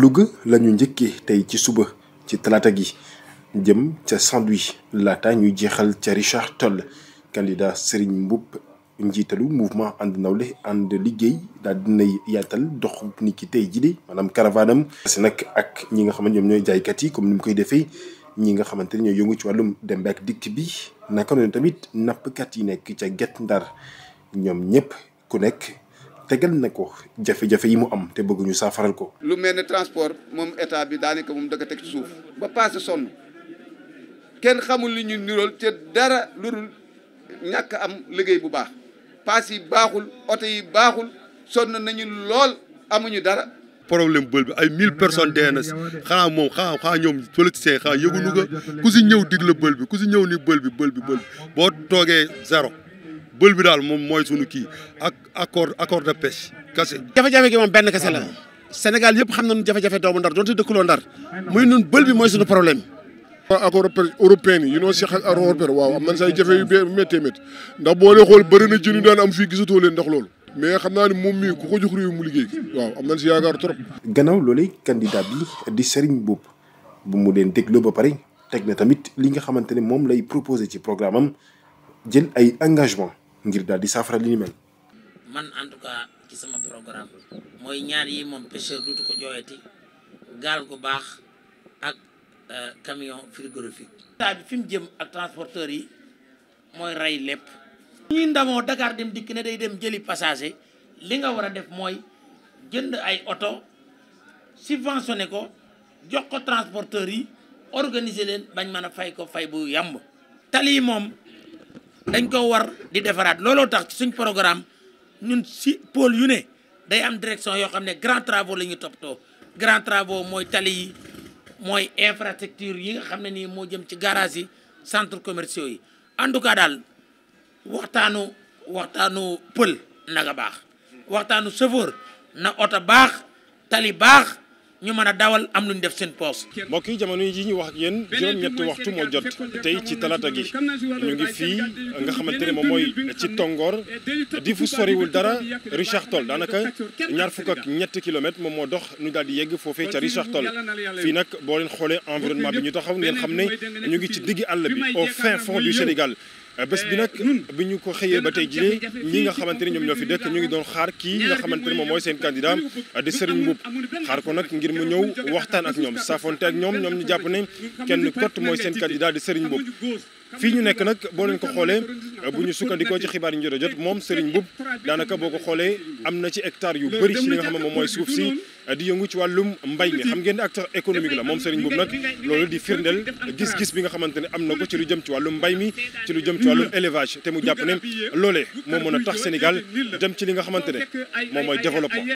Louga lañu njëkkee tey ci suba ci talaata gi jëm ca Saint-Louis laata ñuy jeexal ca Richard Toll candidat Serigne Mboup njiitalu mouvement ànd nawle ànd liggéey daal dinay yaatal dox ni ki tey jii de maanaam caravanam si nag ak ñi nga xamante ñoom ñooy jaaykat yi comme ni mu koy defee ñi nga xamante ne ñooy yëngu ci wàllum dem ak dikk bi naka noonu tamit nappkat yi nekk ca Guet Ndar ñoom ñëpp ku nekk tegal na ko jafe-jafe yi mu am te bëgguñu saafaral ko. lu mel ne transport moom état bi daanaka moom da teg ci suuf. ba paase sonn kenn xamul li ñu nirool te dara lu ñàkk am liggéey bu baax paas yi baaxul oto yi baaxul sonn nañu lool amuñu dara. problème bël bi ay mille personnes dee na xanaa moom xanaa xanaa ñoom politiciens xanaa yëguñu ko ku si ñëw dig bël bi ku si ñëw ni bël bi bël bi bël boo toogee zéro. bël bi daal moom mooy suñu kii ak accord accord de pêche kese. jafe-jafe gi moom benn kase la Sénégal yëpp xam na nañu jafe-jafe doomu ndar doonte dëkkuloo ndar muy nun bël bi mooy suñu problème. accord européen yi yu noo seq ak accord européen waaw am nañ say jafe yu méttee métti ndax boo dee xool bëri na jën yu daan am fii gisatoo leen ndax loolu. mais xam naa ne moom mii ku ko jox réew mu liggéey waaw am nañ si yaakaar trop. gannaaw loolu candidat bi di Serigne Mboup bu mu leen dégloo ba pare teg na tamit li nga xamante ne moom lay proposé ci programme am ay engagement ngir daal di saafara li ni mel. man en tout cas ci sama programme mooy ñaar yi moom pêcheur duutu ko jooyati gaal gu baax ak euh, camion frigorifique. état bi fi mu jëm ak transporteur yi mooy rey lépp. ñuy ndamoo Dakar dem dikk ne day dem jëli passager li nga war a def mooy jënd ay oto subventionné ko jox ko transporteur yi organiser leen bañ mën a fay ko fay bu yàmb tali moom. dañ ko war di defaraat looloo tax ci suñ programme ñun si pôle yu ne day am direction yoo xam ne grand travaux la ñuy toppatoo grand travaux mooy tali yi mooy infrastructure yi xam ne nii moo jëm ci garage yi centres commerciaux yi en tout cas daal waxtaanu waxtaanu pël na nga baax waxtaanu chauffeur na oto baax tali baax ñu mën a dawal am lu ñu def seen poos mbokk yi jamono yi ñu wax ak yéen juróom-ñetti waxtu moo jot tey ci talaata gi ñu ngi fii nga xamante ne moom mooy ci Tongoor di fu soriwul dara Richard Toll daanaka ñaar fukk ak ñetti kilomètres moom moo dox ñu daal di yegg foofee ca Richard Toll fii nag boo leen xoolee environnement bi ñu taxaw ngeen xam ne ñu ngi ci digg àll bi au fin fond du Sénégal Euh, bés bi nag eh, bi ñu ko xëyee ba tey jii ñi nga xamante ni ñoom ñoo fi dëkk ñu ngi doon xaar kii nga xamante ni moom mooy seen candidat di Serigne Mboup xaar ko nag ngir mu ñëw waxtaan ak ñoom safonte ak ñoom ñoom ñu jàpp ne kenn kott mooy seen candidat di Serigne Mboup fii ñu nekk nag boo leen ko xoolee bu ñu sukkandikoo ci xibaar yi ñu jot moom Serigne Mboup daanaka boo ko xoolee am na ci hectare yu bëri ci nga xam ne moom mooy suuf si di yëngu ci wàllum mbay mi xam ngeen ne acteur économique la moom Serigne Mboup nag loolu di firndeel gis-gis bi nga xamante ne am na ko ci lu jëm ci wàllum mbay mi ci lu jëm ci wàllum élevage te mu jàpp ne loole moo mën a tax Sénégal dem ci li nga xamante ne moom mooy développement